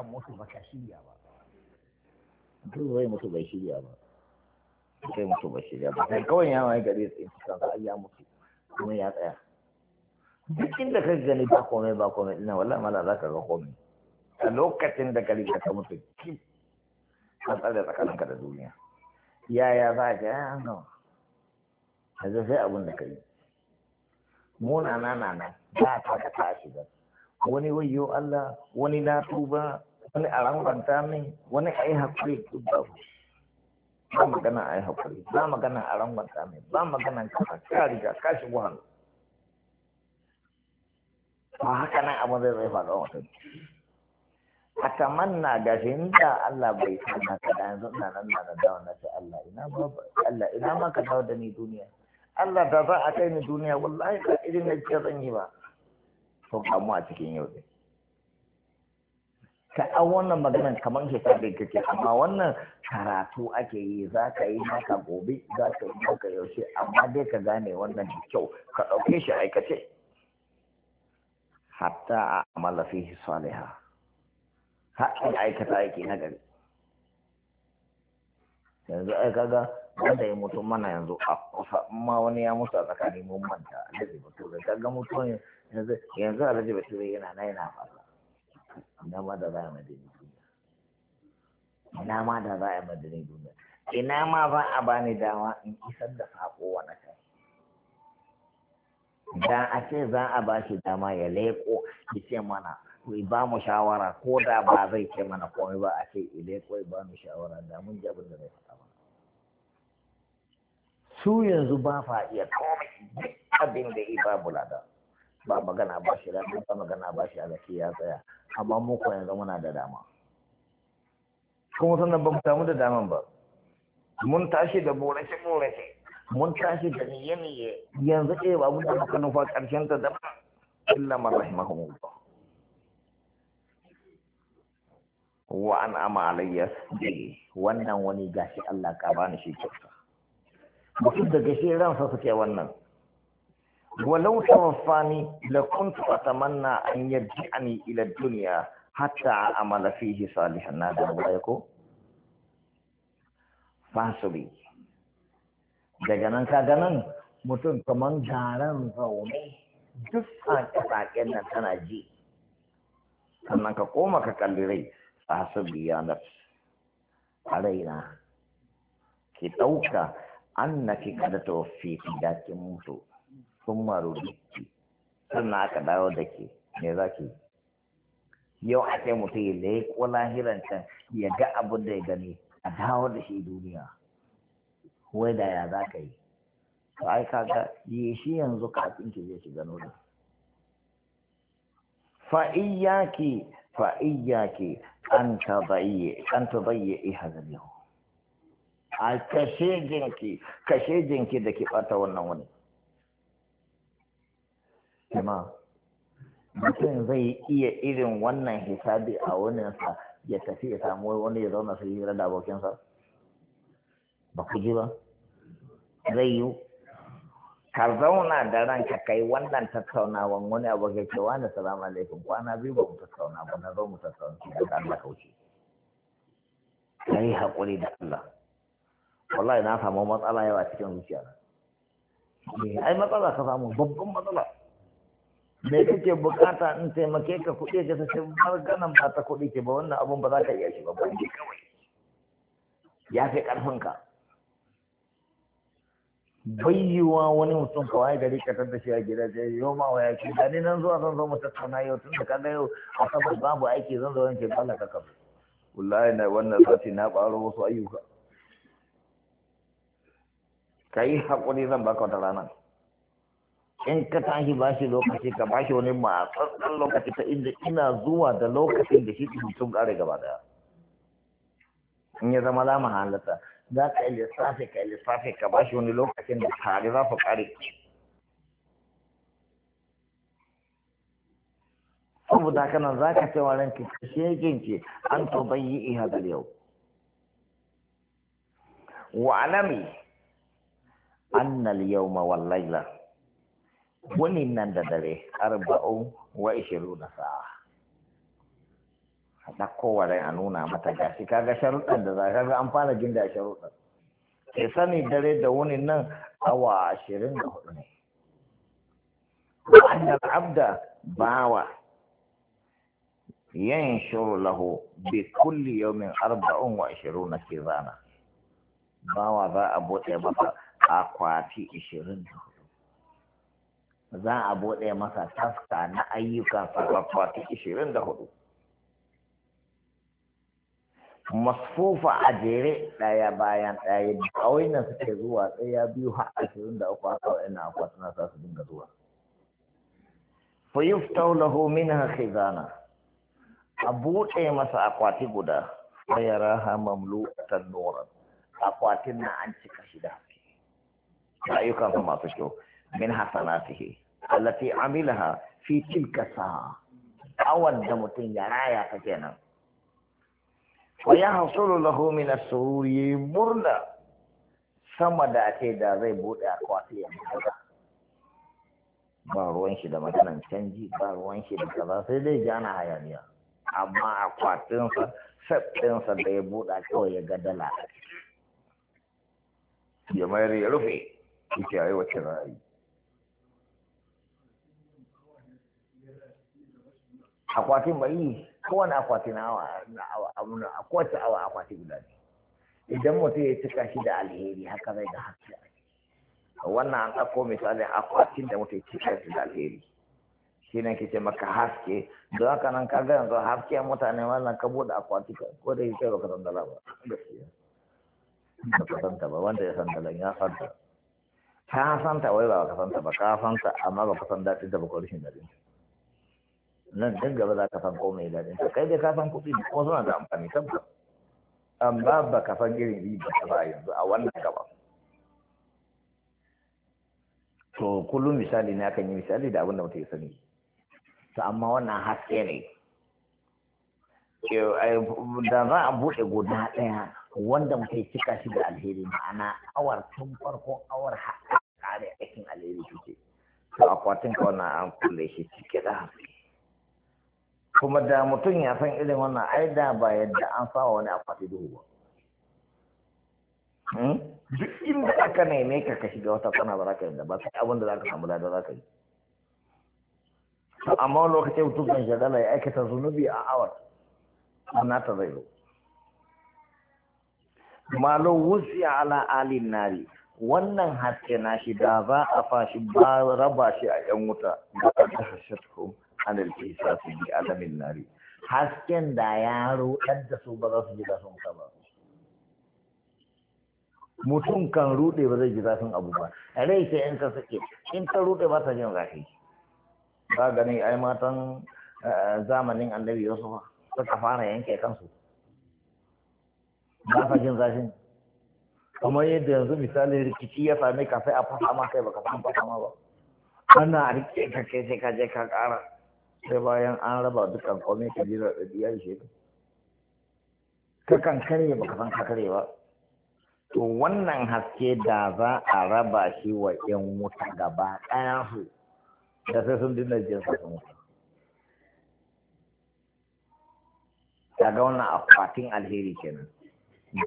kan mutu ba ka shirya ba duk zai mutu bai shirya ba Zai mutu bai shirya ba Kai kawai yawon ya mai gare tsaye cikin sa ya mutu kuma ya tsaya duk inda ka gani ba komai ba komai ina wala mala za ka ga komai a lokacin da ka riga ka mutu ki ka tsare tsakanin ka da duniya yaya za ka an gama. Ah, yanzu sai abin da ka yi muna na na na ba ta ka tashi ba wani wayo Allah wani na tuba wani a rangwanta min wani a yi haƙuri duk babu ba magana a yi haƙuri ba magana a rangwanta min ba magana kafa. ka riga ka shigo hannu ba haka nan abin zai zai faɗa mutum a tamanna ga shi inda Allah bai san ka da yanzu na nan na da wannan ce Allah ina ba Allah ina ma ka dawo da ni duniya Allah da za a kai ni duniya wallahi ba irin na ce zan yi ba to kamu a cikin yau dai ka an wannan maganan kamar hisabi kake amma wannan karatu ake yi za ka yi maka gobe za ka yi maka yaushe amma dai ka gane wannan da kyau ka ɗauke shi aikace hatta a malafi fihi saliha aikata aiki na gari yanzu ai kaga wanda ya mutu mana yanzu a kusa ma wani ya mutu a tsakanin mun manta alhaji bature kaga mutuwan yanzu yanzu alhaji bature yana na yana fasa ina ma da za a madani duniya ina ma da za a madani duniya ina ma ba a bani dama in isar da saƙo wani kai da a ce za a ba shi dama ya leƙo ya ce mana ba mu shawara ko da ba zai ce mana komai ba a ce ya leƙo ya ba mu shawara da mun ji abin da zai faɗa ba, su yanzu ba fa iya komai duk abin da ya ba bulada ba magana ba shi da ba magana ba shi a ya tsaya amma mu ko yanzu muna da dama kuma sannan ba mu samu da daman ba mun tashi da borace borace mun tashi da niyya-niyye. yanzu eh ba mun da maka nufa karshen ta da illa man rahimahum wa an ama alayya wannan wani gashi Allah ka bani shi kyauta mutum da gashi ransa suke wannan ولو توفاني لكنت أتمنى أن يرجعني إلى الدنيا حتى أعمل فيه صالحا نادم ويكو فاسبي ka ganan, mutum kaman garan zaune duk sake-saken nan tana ji sannan ka koma ka kalli rai a hasu biyanar a raina ki ɗauka an na ki kada ta wafi mutu sun maru biki sannan aka dawo da ke me za ki yau a ce mutum ya leƙo lahiran can ya ga abin da ya gani a dawo da shi duniya wai da ya za ka yi to ai kaga yi shi yanzu kafin ki zai shiga nuna fa ki fa iyyaki an tabayyi an tabayyi hazalihu a kashe jinki kashe jinki da ki bata wannan wani jama'a mutum zai iya irin wannan hisabi a wuninsa ya tafi ya samu wani ya zauna su hira da abokinsa ba ku ji ba zai yi ka zauna da ranka kai wannan tattaunawan wani abokin cewa na salamu alaikum kwana biyu ba mu tattauna ba na zo mu tattauna shi da Allah kauce kai hakuri da Allah wallahi na samu matsala yawa cikin zuciya eh, ai matsala ka samu babban matsala me kake bukata in taimake ka kuɗi ka sace maganan ba ta kuɗi ke ba wannan abun ba za ka iya shi ba ne kawai ya fi ƙarfin ka bayyuwa wani mutum ka waye gari ka da a gida ce yau ma waya ce gani nan zuwa zan zo mu tattauna yau tun da kaga yau a asabar babu aiki zan zo yanke bala ka kafa wallahi na wannan sati na ɓaro wasu ayyuka ka yi haƙuri zan baka wata ranar in ka tashi ba shi lokaci ka ba shi wani matsatsan lokaci ta inda ina zuwa da lokacin da shi sun kare gaba daya in ya zama lama halatta za ka yi lissafi ka yi lissafi ka ba shi wani lokacin da tare za ku kare saboda haka nan za ka ce wa ranki shegin ki an to bayyi iha da yau wa alami annal yawma wal laila wani nan da dare arba'u wa ishiru na sa'a a ɗauko wa a nuna mata gashi kaga sharuɗan da za kaga an fara jin da sharuɗan ke sani dare da wani nan awa ashirin da hudu ne wa'annan abda bawa yan shuru lahu bi kulli yawmin arba'un wa ashirin na kizana bawa za a buɗe masa akwati ishirin da hudu. za a buɗe masa taska na ayyuka sakwakwati ishirin da hudu masfufa a jere ɗaya bayan ɗaya kawai na suke zuwa ɗaya biyu har ashirin da uku haka wa'ina akwatuna sa su dinga zuwa fa yuftau min minha zana. a buɗe masa akwati guda fa mamlu a tannoran. akwatin na an cika shi da haske ayyukan masu kyau min hasanatihi allati amilaha fi tilka sa'a awan da mutum ya raya ta kenan wa ya hasulu lahu min as-sururi murna sama da ake da zai bude akwati ya ba ruwan shi da maganan canji ba ruwan shi da kaza sai dai jana hayaniya amma sabbin sabbinsa da ya buɗa kawai ya ga dala ya mayar ya rufe ita yayi wacce ra'ayi akwatin bai kowane akwati na awa na awa amuna a kowace awa akwati guda ne idan mutum ya cika shi da alheri haka zai da hakki wannan an ɗauko misalin akwatin da mutum ya cika shi da alheri shi ne ke ce maka haske don haka nan ka ga yanzu haske mutane wannan ka buɗe akwati ko da yake baka san dala ba gaskiya baka san ta ba wanda ya san dala ya san ta ka san ta wai ba ka san ta ba ka san ta amma baka san daɗin ta ba ko rashin daɗin ta nan dan gaba za ka san komai daɗin ka kai da ka san kuɗi kuma suna da amfani tabbas amma ba ka san irin riba ba yanzu a wannan gaba to kullum misali ne kan yi misali da abin da mutum ya sani to amma wannan haske ne da za a buɗe guda ɗaya wanda mu ya cika shi da alheri ma'ana awar tun farkon awar haɗa ƙare aikin alheri suke to akwatin ka wannan an kulle shi cike da haske kuma da mutum ya san irin wannan ai da ba yadda an sa wani akwati duhu ba hmm? duk inda aka neme ka ka shiga wata kwana ba za ka yadda ba sai abin da za ka samu lada za ka yi amma wani lokacin mutum kan shagala ya aikata zunubi a awar ana ta zai zo malo wusi ala alin nari wannan haske na shi da za a fashi ba raba shi a yan wuta da ta anil su bi alamin nari hasken da ya roƙar da su ba za su ji zafin ka ba mutum kan ruɗe ba zai ji zafin abu ba rai sai in ka sake in ka ruɗe ba ta jin zafi ba gani ai matan eh, zamanin annabi yusuf suka fara yanke kansu ba sa jin zafin kamar yadda yanzu misali rikici ya sami ka sai a fasa ma kai ka san fasa ma ba ana rike ka kai sai ka je ka ƙara sai bayan an raba dukkan komai ka jira da biyar shi ka kan kare ba ka san ka kare ba to wannan haske da za a raba shi wa yan wuta gaba ɗaya su da sai sun dinna jin sa sun wuta daga wannan akwatin alheri kenan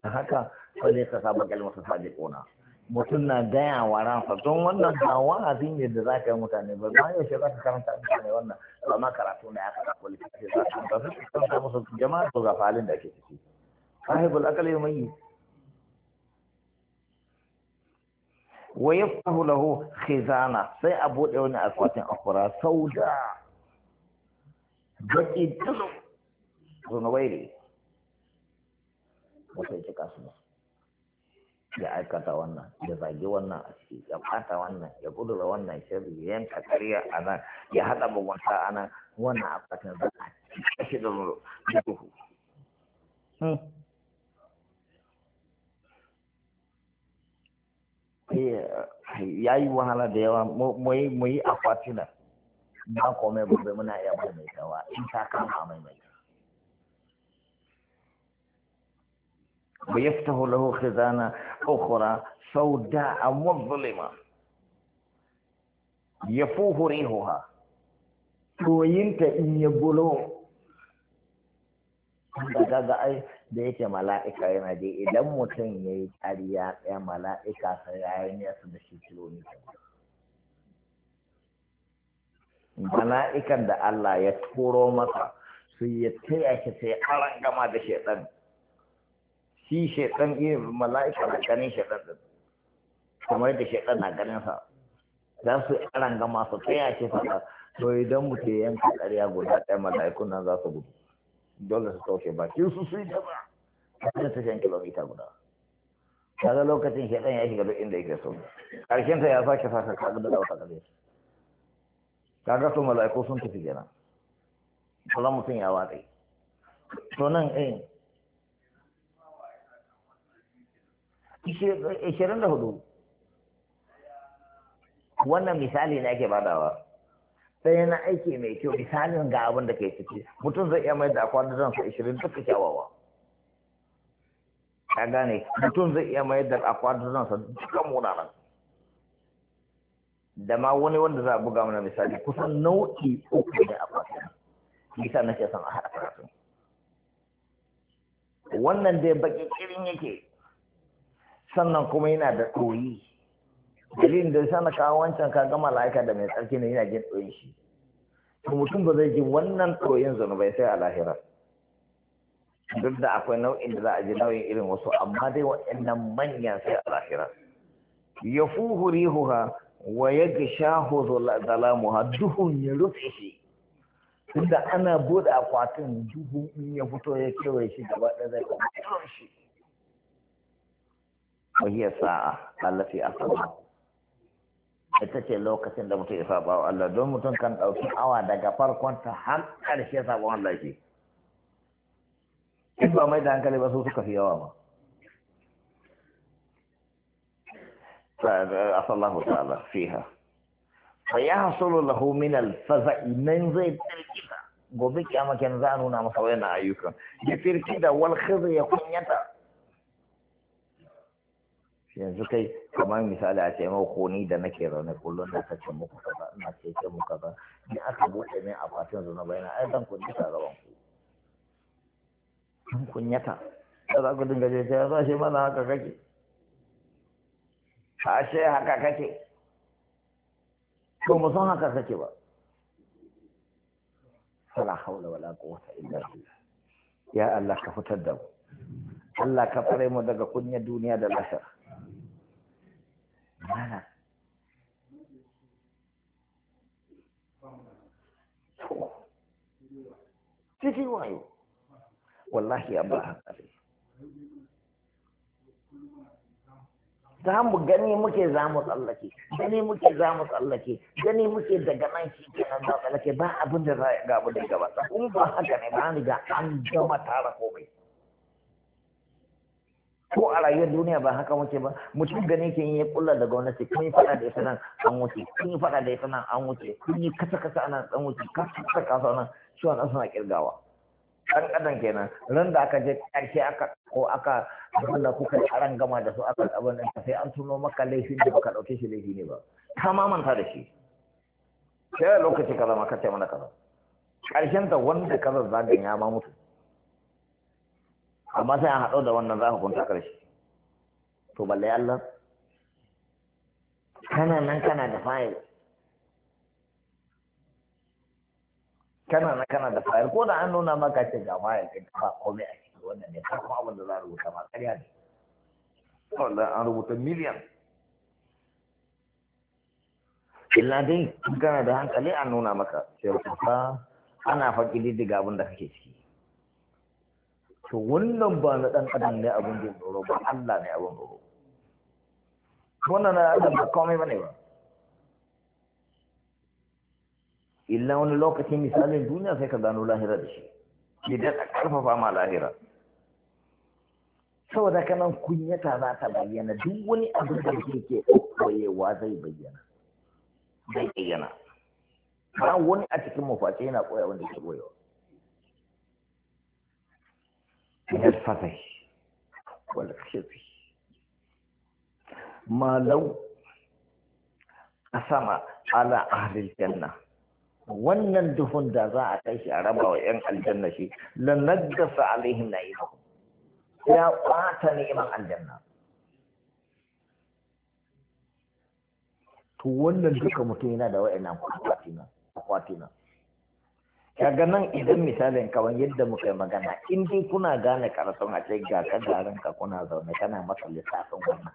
da haka sai ne ka saba kalmar sa mutum na gaya wa ransa don wannan ba wa'azi ne da za ka yi mutane ba ma yaushe za ka karanta mutane wannan ba ma karatu ne aka ɗauko littafi za ka ba su karanta musu jama'a to ga falin da ke ciki sahibul akali mai wa yaftahu lahu khizana sai a buɗe wani akwatin akwara sauda baki tulu zunubai ne wata ya cika su ya aikata wannan ya zagi wannan a ciki ya bata wannan ya gudura wannan shari ya yanka kariya a nan ya haɗa mugunta a nan wannan fatan za a kashe da duhu hmm. eh, ya yi wahala da yawa mu yi akwatinan ba kome gobe muna iya maimaitawa in ta kama a maimaita ويفتح له خزانة أخرى سوداء مظلمة يفوه ريحها توينت إن يبلو daga da yake mala'ika yana da idan mutum ya yi ƙarya ɗaya mala'ika sai ya yi su da shi kilomita mala'ikan da Allah ya turo masa su yi taya shi sai an gama da shaiɗan shi shaitan iya mala'ika na ganin shaitan din kamar da shaitan na ganin sa za su ƙaran gama su tsaya ce fata to idan mu ke yanka ƙarya guda ɗaya mala'ikun nan za su gudu dole su taushe bakin su su yi daba a cikin kilomita guda kaga lokacin shaitan ya shiga duk inda yake so ƙarshen ta ya sake saka kaga da wata kare kaga su mala'iku sun tafi kenan kula mutum ya watsi to nan eh 24 wannan misali ne ake badawa ɗaya na aiki mai kyau misalin ga abin da ke ciki mutum zai iya mai da da ransa 20 duka kyawawa ka gane mutum zai iya mai da akwatin ransa duka munanan da ma wani wanda za a buga mana misali kusan nau'i uku ne a kwanan bisa na ke son a haɗa karatun wannan dai baki kirin yake sannan kuma yana da ɗoyi dalilin da sana kawo wancan ka gama la'aika da mai tsarki ne yana jin ɗoyin shi to mutum ba zai ji wannan ɗoyin zunubai sai a lahira duk da akwai nau'in da za a ji nau'in irin wasu amma dai waɗannan manyan sai a lahira ya fuhu rihuha wa ya gishahu zalamuha duhun ya rufe shi tunda ana buɗe akwatin duhu in ya fito ya kewaye shi gaba ɗaya zai kuma shi wahiyar sa'a allafi asaba ita ce lokacin da mutum ya saba wa Allah don mutum kan ɗauki awa daga farkon ta har ƙarshe wa Allah ke in ba mai da hankali ba su suka fi yawa ba asallahu ta'ala fiha fa ya hasulu lahu min al-faza'i nan zai gobe kiyama kenan za a nuna masa wayannan ayyukan ya da wal ya kunyata yanzu kai kamar misali a ce mau koni da nake rauni kullum na kace muku kaza ina ce muku kaza ni aka bude min a fatin zuna bayana ai dan kun ta gaban ku kun kunyata da za ku dinga je sai za shi mana haka kake ashe haka kake ko mu san haka kake ba fala haula wala quwwata illa billah ya Allah ka fitar da mu Allah ka fare mu daga kunya duniya da lahira mana cikin wayo wallahi ya ba hankali za mu gani muke za mu tsallake gani muke za mu tsallake gani muke daga nan shi kenan za tsallake ba abin da za a gabu da gaba in ba haka ne ba ni ga an gama tara komai ko a rayuwar duniya ba haka muke ba mutum gani ke ya kulla da gwamnati kun yi fada da ita nan an wuce kun yi fada da ita nan an wuce kun yi kasa kasa ana an wuce kasa kasa nan shi wannan suna kirgawa Kan kadan kenan ran da aka je karshe aka ko aka wanda kuka kai aran gama da su aka abin da sai an tuno maka laifin da baka ɗauke shi laifi ne ba ka ma manta da shi sai lokaci kaza ma ce mana kaza karshen da wanda kaza zagin ya ma mutu amma sai an haɗo da wannan za ka kunta ƙarshe to balle Allah kana nan kana da fayil kana nan kana da fayil ko da an nuna maka ce ga fayil ɗin ka komai a ciki wannan ne ka kuma abin da za a rubuta ma ƙarya ne wannan an rubuta miliyan illa dai kana da hankali an nuna maka cewa ana faƙi diddiga abin da kake ciki to wannan ba na ɗan adam ne abin da tsoro ba Allah ne abin tsoro wannan na adam ba komai bane ba illa wani lokacin misalin duniya sai ka gano lahira da shi idan a karfafa ma lahira saboda kanan kunyata za ta bayyana duk wani abin da ke ke koyewa zai bayyana zai bayyana ba wani a cikin mafaci yana koya wanda ke koyewa Malau الفضح والخزي a sama ala wannan duhun da za a kai shi a raba wa 'yan aljanna shi da sa alihin na yi ya kwata neman aljanna to wannan duka mutum yana da wa'ina kwatina akwatina kaga nan idan misalin kawai yadda muka yi magana in kuna gane karatun a ce ga kadarin ka kuna zaune kana masa lissafin wannan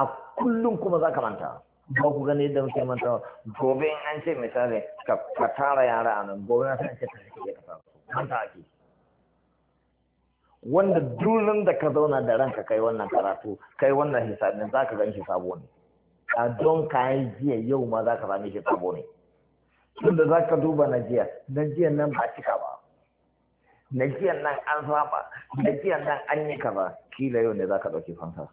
a kullum kuma za ka manta ba ku gane yadda muke manta gobe in an ce misali ka tara yara a nan gobe na ce ka ke ka fara manta ake wanda durin da ka zauna da ranka kai wannan karatu kai wannan hisabin za ka gan shi sabo ne a don kayan jiya yau ma za ka same shi sabo ne tunda za ka duba najiya najiyan nan ba cika ba najiyan nan an saba najiyan nan an yi kaza kila yau ne za ka ɗauki fansa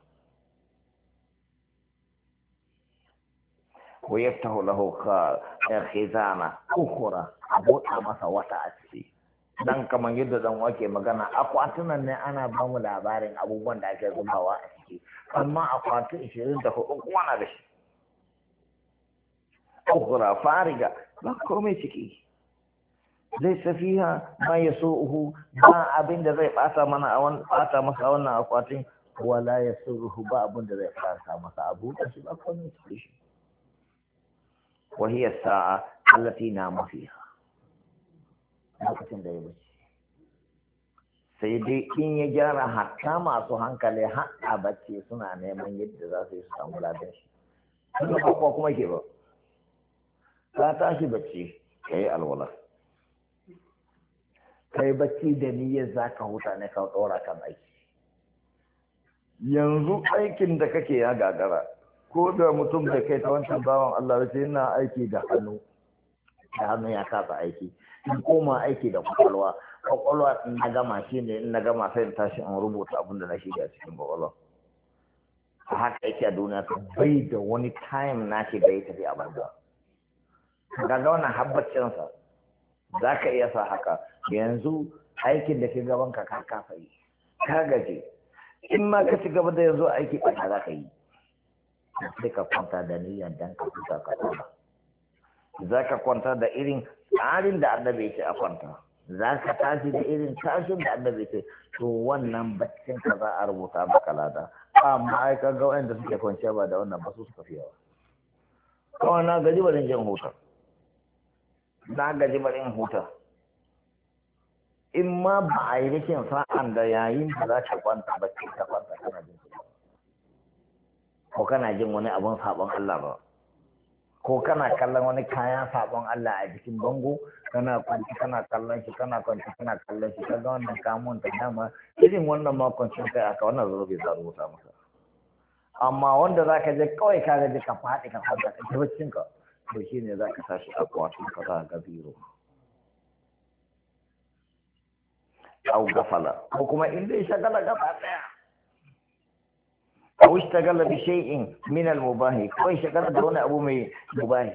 ko yaftahu lahu khizana a bota masa wata a ciki dan kamar yadda dan wake magana akwatunan ne ana ba mu labarin abubuwan da ake zubawa a ciki amma akwatu 24 kuma na da shi ukhra fariga ba komai ciki zai safiha ma ya so ba abin da zai bata mana a wannan bata masa wannan akwatin wala ya surruhu ba abin da zai bata masa abu da shi ba komai ciki shi wa hiya sa'a allati nama fiha lokacin da ya sai dai in ya gyara hatta masu hankali har bacci suna neman yadda za su yi su samu ladan shi. Sun kuma ke ba. ka tashi bacci ka yi alwala yi bacci da niyyar za ka huta ne ka ɗora kan aiki yanzu aikin da kake ya gagara ko da mutum da kai ta wancan bawan Allah race yana aiki da hannu da hannu ya kasa aiki in koma aiki da kwakwalwa kwakwalwa in na gama shi ne in na gama sai in tashi in rubuta abin da na shiga cikin kwakwalwa a haka yake a duniya bai da wani time na shiga ya tafi a banza ga zauna habbacinsa za ka iya sa haka yanzu aikin da ke gaban ka ka kafa yi ka gaje in ma ka ci gaba da yanzu aiki ba za ka yi sai ka kwanta da niyyar dan ka fita ka tsaba za ka kwanta da irin tsarin da annabi ya ce a kwanta za ka tashi da irin tashin da annabi ya ce to wannan baccin ka za a rubuta maka lada amma ai ka ga wanda suke kwanciya ba da wannan ba su suka ba kawai na gaji ba zan jan hotar na gaji bari in huta in ma ba a yi rikin sa'an da yayin da za ta kwanta ba ce ta kwanta kana jin ko kana jin wani abun sabon Allah ba ko kana kallon wani kayan sabon Allah a jikin bango kana kwanci kana kallon shi kana kwanci kana kallon shi kaga wannan kamun ta dama irin wannan makon sun kai aka wannan zo bai zaro ta masa amma wanda zaka je kawai ka ga ka faɗi ka kwanta ka tabbacin ka to shi ne za ka sa shi a kwatin ka za ga biro au gafala ko kuma in dai shagala gaba daya au shagala bi shay'in min al mubahi ko shagala da wani abu mai mubahi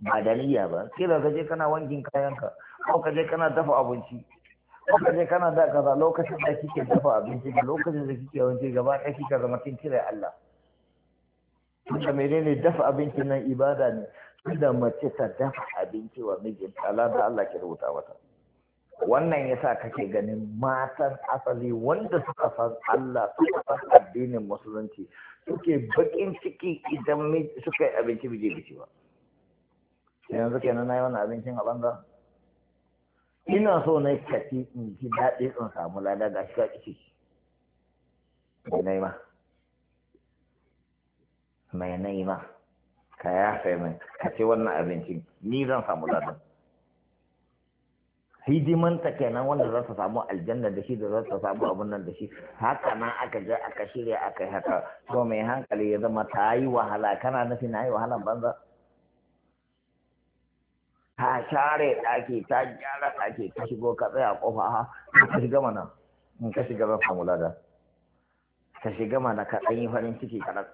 ba da ba kila ka je kana wankin kayanka ko ka je kana dafa abinci ko ka je kana da kaza lokacin da kike dafa abinci da lokacin da kike wanke gaba ɗaya kika zama kin cire Allah tunda ne dafa abincin nan ibada ne tunda mace ta dafa abinci wa mijinta da Allah ke rubuta wata. wannan yasa kake ganin matan asali wanda suka san Allah suka san addinin musulunci suke bakin ciki idan suka yi abinci bije bici ba yanzu kenan na yi wannan abincin a banza ina so na kati in ji daɗi in samu lada ga shi ka ƙi na yi ma mai naima ka ya sai mai ka ce wannan abincin ni zan samu ladan hidimanta kenan wanda za ta samu aljanna da shi da za ta samu abun nan da shi haka nan aka je aka shirya aka yi haka to mai hankali ya zama ta yi wahala kana nufi na yi wahala banza ta share ɗaki ta gyara ɗaki ta shigo ka tsaya kofa ha ka shiga mana in ka shiga zan samu lada ka shiga mana ka ɗan yi farin ciki kaɗan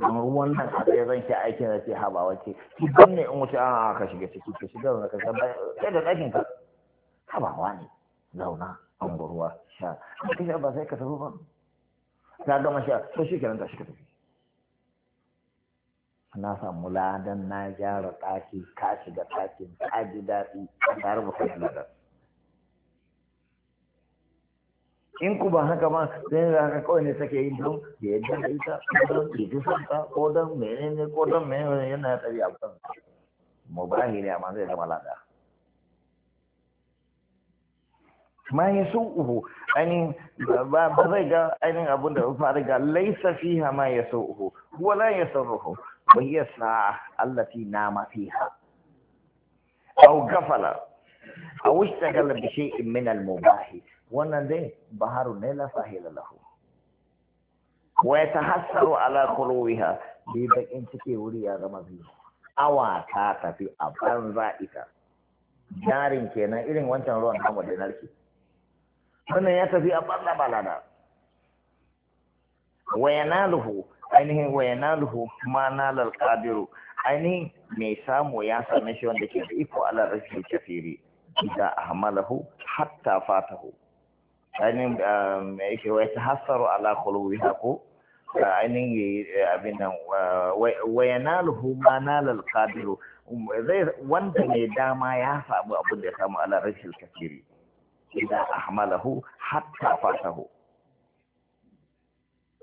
kamar ruwan nan a tsaye zan ke aikin da ke haba wace ki don ne in wuce ana ka shiga ciki ka shiga da ka san sai da ɗakin ka habawa ne zauna an ruwa sha ka sha ba sai ka tafi ba ta gama sha to shi kenan ta shi ka tafi na samu ladan na gyara ɗaki ka shiga ɗakin ka ji daɗi a tare da kai in ku ba haka ba sai da haka kawai ne sake yi don da yadda da ita don ya ji santa ko don ne ko don menene yana ya tsari a kan mubahi ne amma zai zama lada ma yi su uhu ainihin ba zai ga ainihin abin da fara ga laisa ha ma ya su uhu wala ya sarruhu wa hiya sa'a allati nama ha au gafala aw galar da shay'in min al-mubahi wannan dai baharu ne la sahila lahu wa yatahassaru ala quluwiha bi bakin cike wuri ya zama biyu awa ta tafi a banza ita jarin kenan irin wancan ruwan namu da narke wannan ya tafi a banza balada wa yanaluhu ainihin wa yanaluhu ma nalal qadiru ainihin me samu ya same shi wanda ke da iko ala rashin kafiri idan ahmalahu hatta fatahu ainihin mai um, yake wai ta hasaru ala kulubi haku uh, ainihin eh, abin nan uh, wayanaluhu ma nalal kadiru um, zai wanda ne dama ya samu abin da ya samu ala rashin kafiri idan ahmalahu hatta fatahu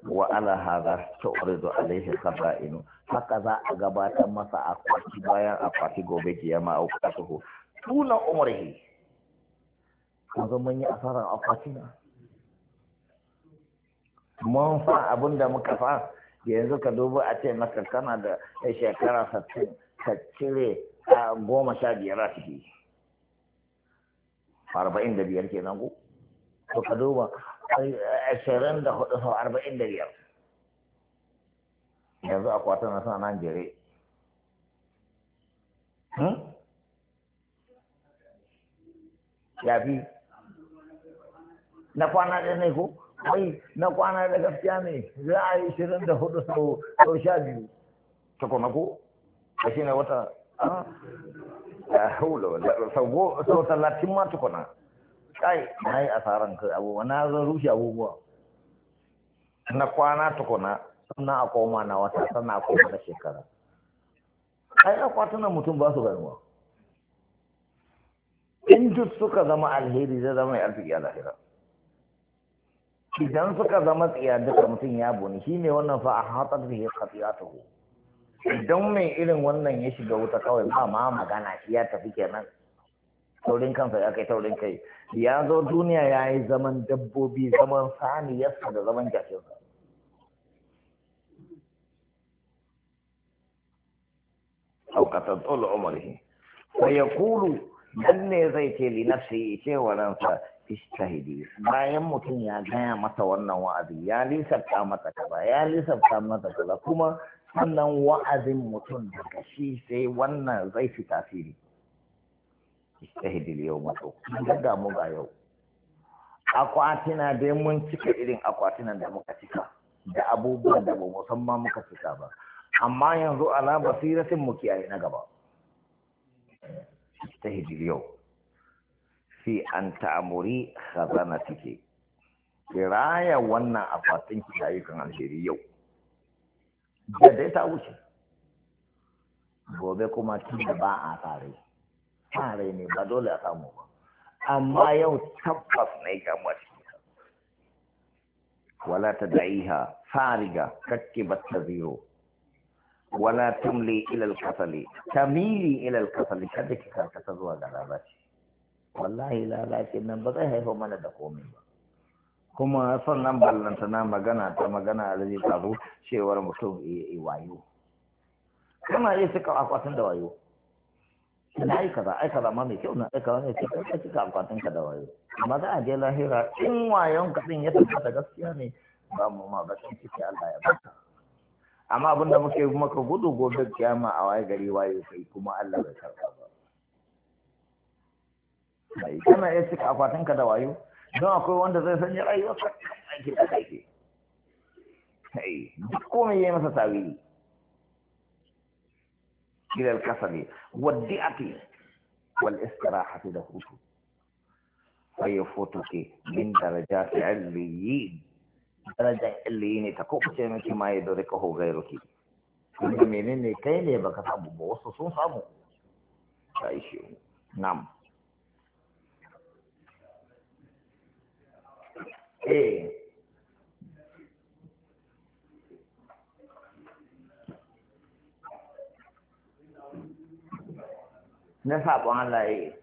wa ala hadha tu'ridu alayhi khaba'inu haka za a gabatar masa akwati bayan akwati gobe kiyama a kasuhu tuna umarhi kun zo mun yi asarar akwatina mun fa abin da muka fa yanzu ka dubu a ce maka kana da shekara sattin ka cire a goma sha biyar a ciki arba'in da biyar kenan ku to ka duba ashirin da hudu sau arba'in da biyar yanzu na sa nan jere hmm? ya fi na kwana ɗaya ne ko ai na kwana da gaskiya ne za a yi shirin da hudu sau sau sha biyu ta kuma ko a shi ne wata a haula sau talatin ma tukuna kai na yi asaran kai abubuwa na zan rushe abubuwa na kwana tukuna sannan a koma na wata sannan a koma na shekara ai akwatunan mutum ba su ganuwa in duk suka zama alheri zai zama ya arziki a lahira idan suka zama tsiya duka mutum ya buni, shi ne wannan fa a hatar da ya taho idan mai irin wannan ya shiga wuta kawai ba ma magana shi ya tafi kenan taurin kansa ya kai taurin kai ya zo duniya ya yi zaman dabbobi zaman saniyarsa da zaman jakinsa aukatar tsola Umar sai ya kulu dan ne zai ce linafsi ce wa ransa ishtahidi bayan mutum ya gaya masa wannan wa'azi ya lissafta mata kaza ya lissafta mata kaza kuma sannan wa'azin mutum daga shi sai wannan zai fi tasiri ishtahidi yau ga mu ga yau akwatina dai mun cika irin akwatinan da muka cika da abubuwan da ba musamman muka cika ba amma yanzu ala basiratin mu kiyaye na gaba ishtahidi yau fi an ta'amuri khazana take kiraya wannan akwatin ki ayyukan alheri yau da dai ta wuce gobe kuma tunda ba a tare tare ne ba dole a samu ba amma yau tabbas ne ga mace wala ta da'iha fariga kakke batta zero wala tamli ila kasali tamili ila al-kasali kada ki karkata zuwa ga labari. wallahi lalacin nan ba zai haifa mana da komai ba kuma sannan ballanta na magana ta magana da zai taru cewar mutum ya wayo kana iya cika akwatin da wayo na yi kaza ai kaza ma mai kyau na ai kaza mai kyau ka cika akwatin ka da wayo amma za a je lahira in wayon ka din ya da gaskiya ne ba mu ma ba sai ciki Allah ya baka amma abinda muke maka gudu gobe kiyama a waye gari wayo kai kuma Allah bai karba ba mai kana iya cika akwatin ka da wayo don akwai wanda zai sanya rayuwar ka aiki da kai kai duk komai yayi masa tawili ila al Waddi wad wal-istirahati da hutu فيفوتك من درجات عليين درجة عليين تكوكتي مكي ما يدركه غيرك منين كاين بك صعب وسط صعب عايش نعم Eh. na sabon Allah ya eh.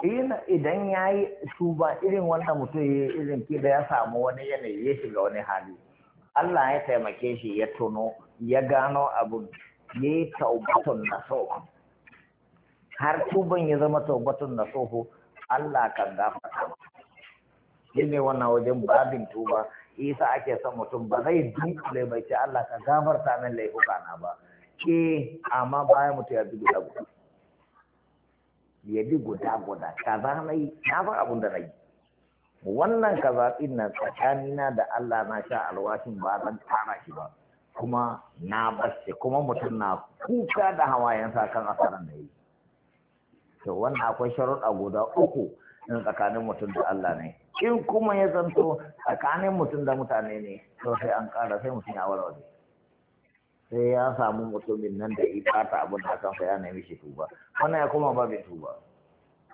yi idan ya yi irin wannan mutum ya irin kida ya samu wani yanayi ya shiga wani hali Allah ya taimake shi ya tuno ya gano abun ya yi taubatun na har tuban ya zama taubatun na soho Allah kan gafarta shi ne wannan wajen babin tuba isa ake son mutum ba zai dunkule bai ce Allah ka gafarta min laifuka na ba ke amma baya mutum ya bi guda guda ya bi guda guda kaza na yi na fa abin da na yi wannan kaza na nan tsakanina da Allah na sha alwashin ba zan kara shi ba kuma na bashe, kuma mutum na kuka da hawayensa kan asaran da yi to wannan akwai sharuɗa guda uku in tsakanin mutum da Allah ne in kuma ya zanto tsakanin mutum da mutane ne to sai an ƙara sai mutum ya wara waje. sai ya samu mutumin nan da ya ɓata abin da kansa ya nemi shi tuba wannan ya kuma babin tuba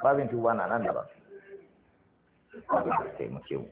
babin tuba na nan da ba sai mu ce mu